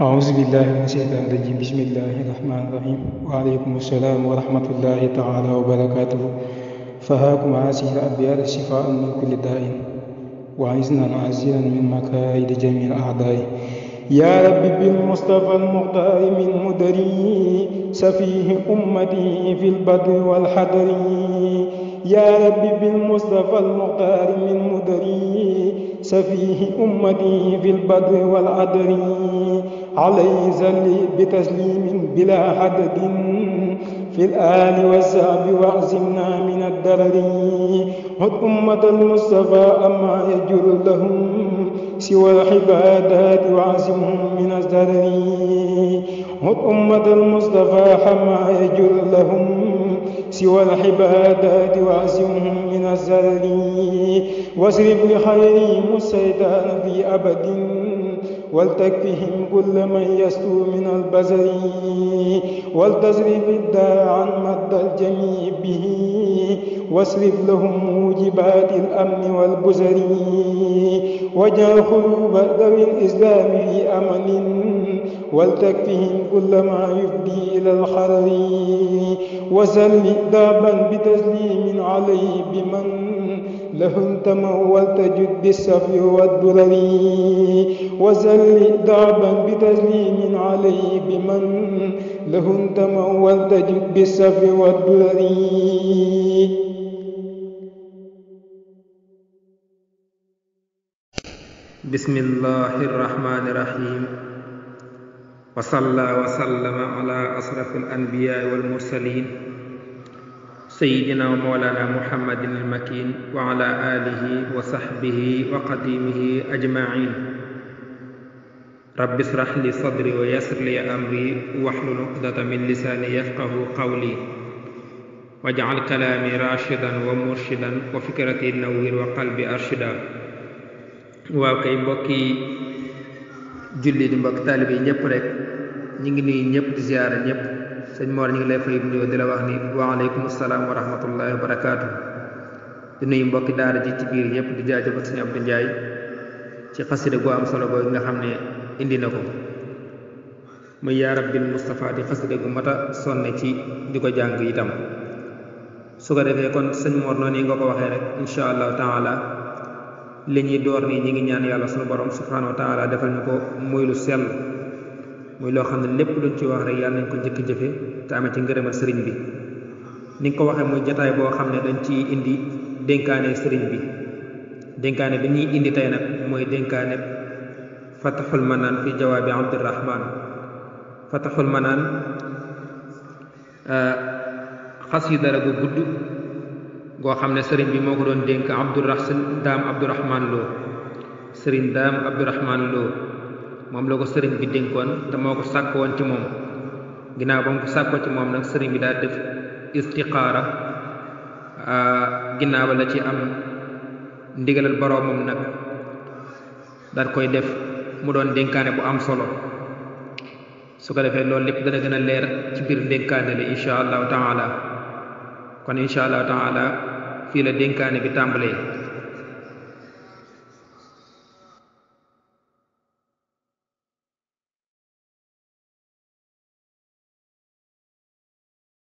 أعوذ بالله من الشيطان الرجيم بسم الله الرحمن الرحيم وعليكم السلام ورحمة الله تعالى وبركاته فهاكم هذه الأنبياء شفاء من كل داء وعزنا عزيزا من مكائد جميع الأعداء يا رب بالمصطفى المختار من مدري سفيه أمتي في البدر والحضر يا رب بالمصطفى المختار من مدري سفيه أمتي في البدر والعدري عليه زلي بتسليم بلا حدد في الآل والزعب وعزمنا من الدرر هد أمة المصطفى أما يجر لهم سوى العبادات وعزمهم من الزرر هد أمة المصطفى حما يجر لهم سوى العبادات وعزمهم من الزرر واسرب لخيرهم السيدان في أبد ولتكفهم كل من يسلو من البزر ولتصرف الداء عن مد الجميع به واسرف لهم موجبات الأمن والبزر واجعل خلوب ذوي الإسلام في أمن ولتكفهم كل ما يفدي إلى الخرر وسل دابا بتسليم عليه بمن لهم تما والتجد بالسف والدرر وزل دعبا بتسليم عليه بمن لهم تما والتجد بالسف والدرر بسم الله الرحمن الرحيم وصلى وسلم على أشرف الأنبياء والمرسلين سيدنا ومولانا محمد المكين وعلى آله وصحبه وقديمه أجمعين رب اشرح لي صدري ويسر لي أمري واحلل عقدة من لساني يفقه قولي واجعل كلامي راشدا ومرشدا وفكرتي نوير وقلبي أرشدا waaw kay mbokki julli di mbokk taalibe yi ñëpp rek ñu ngi nuyu ñëpp di ziyaara ñëpp sëñ Mor ñu ngi lay fay nuyoo di la wax ni waaleykum salaam wa rahmatullahi wa barakaatu di nuyu mbokki daara ji ci biir yëpp di jaajëfal sëñ Abdou Ndiaye ci xasida gu am solo boobu nga xam ne indi na ko muy yaa rabbil Mustafa di xasida gu mat a sonne ci di ko jàng itam su ko defee kon sëñ Mor noonu yi nga ko waxee rek incha allahu taala li ñuy door nii ñi ngi ñaan yàlla sunu borom subhanahu wa taala defal ñu ko muy lu sell. muy loo xam ne lépp luñ ci wax rek yàlla nañ ko njëkk jëfe te amee ci ngërëmal sëriñ bi ni nga ko waxee muy jataay boo xam ne dañ ci indi dénkaane sëriñ bi dénkaane bi ñuy indi tey nag mooy dénkaane fataxul manaan fi jawaabi abdurahman fataxul manaan euh, xasida la gu gudd goo xam ne sëriñ bi moo ko doon dénk abdurahman daam abdurahman loo sëriñ daam abdurahman loo moom loo ko sëriñ bi dénkoon te moo ko woon ci moom ginnaaw ba mu ko sàkkoo ci moom nag sëriñ bi daal def istixaara ah, ginnaaw ba la ci am ndigalal boroomam nag daal koy def mu doon dénkaane bu am solo su ko defee loolu lépp dana gën a leer ci biir dénkaane li incha allahu taala kon incha allahu taala fii la dénkaane bi tàmbalee